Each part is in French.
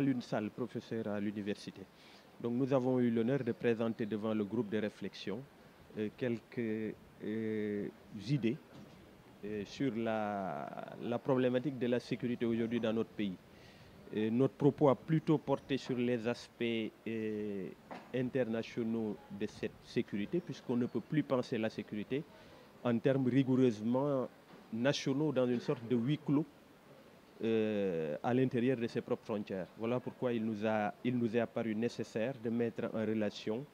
Alun salle professeur à l'université. Donc nous avons eu l'honneur de présenter devant le groupe de réflexion euh, quelques euh, idées euh, sur la, la, problématique de la sécurité aujourd'hui dans notre pays. notre propos a plutôt porté sur les aspects internationaux de cette sécurité, puisqu'on ne peut plus penser la sécurité en termes rigoureusement nationaux dans une sorte de huis clos euh, à l'intérieur de ses propres frontières. Voilà pourquoi il nous, a, il nous est apparu nécessaire de mettre en relation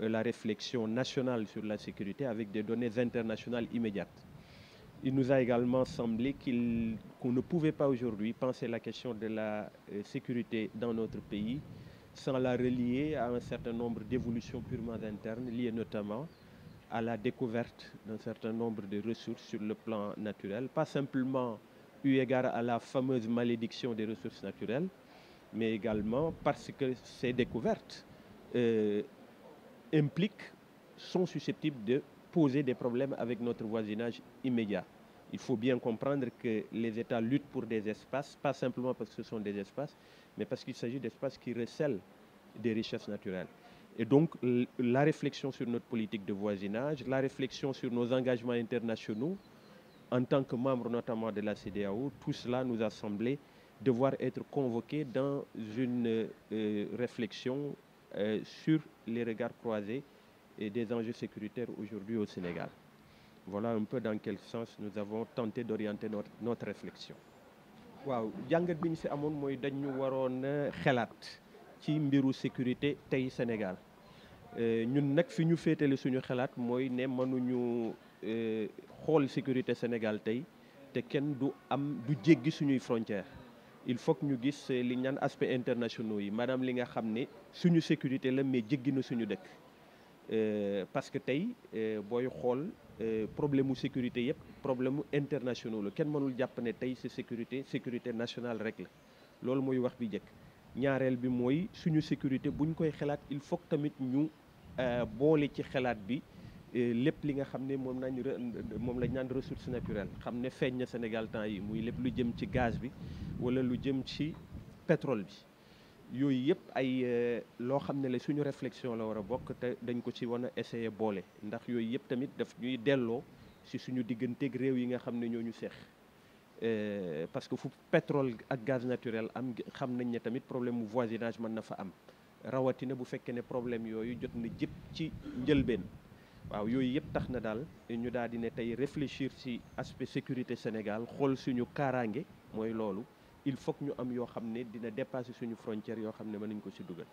euh, la réflexion nationale sur la sécurité avec des données internationales immédiates. Il nous a également semblé qu'on ne pouvait pas aujourd'hui penser la question de la euh, sécurité dans notre pays sans la relier à un certain nombre d'évolutions purement internes liées notamment à la découverte d'un certain nombre de ressources sur le plan naturel, pas simplement eu égard à la fameuse malédiction des ressources naturelles, mais également parce que ces découvertes euh, impliquent, sont susceptibles de poser des problèmes avec notre voisinage immédiat. Il faut bien comprendre que les États luttent pour des espaces, pas simplement parce que ce sont des espaces, mais parce qu'il s'agit d'espaces qui recèlent des richesses naturelles. Et donc, la réflexion sur notre politique de voisinage, la réflexion sur nos engagements internationaux, en tant que membre notamment de la CDAO, tout cela nous a semblé devoir être convoqué dans une euh, réflexion euh, sur les regards croisés et des enjeux sécuritaires aujourd'hui au Sénégal. Voilà un peu dans quel sens nous avons tenté d'orienter notre, réflexion. sécurité Sénégal euh, ñun nag fi ñu féetale suñu xalaat mooy ne mënuñu euh, xol sécurité Sénégal tay te kenn du am du djéggi suñuy frontière il faut que ñu gis euh, li ñaan aspect internationaux yi madame li nga xamné suñu sécurité la mais jéggi na suñu dëkk parce que tey booy xool problème sécurité yépp problème mu internationaux la kenn mënul japp né tay c'est sécurité sécurité nationale rek la loolu mooy wax bi djék ñaareel bi moy suñu sécurité buñ koy xalaat il faut tamit ñu Euh, boole ci xalaat bi euh, lépp li nga xam ne moom nañ moom lañ naan ressource naturelle xam ne feeñ na Sénégal temps yi muy lépp lu jëm ci gaz bi wala lu jëm ci pétrole bi yooyu yëpp ay euh, loo xam ne la suñu réflexion la war a bokk te dañ ko ci wan a essayer boole ndax yooyu yëpp tamit daf ñuy delloo ci suñu digganteeg réew yi nga xam ne ñoo ñu seex parce que fu pétrole ak gaz naturel am xam nañ ne tamit problème mu voisinage mën na fa am rawatina bu fekkene problème yoyu jot na jëpp ci njëlbeen waaw yoyu yëpp taxna na ñu daal di ne tay réfléchir ci aspect sécurité Sénégal xol suñu karangé moy lolu il faut que ñu am yo xamné dina dépasser suñu frontière yo xamné ne ko ci duggal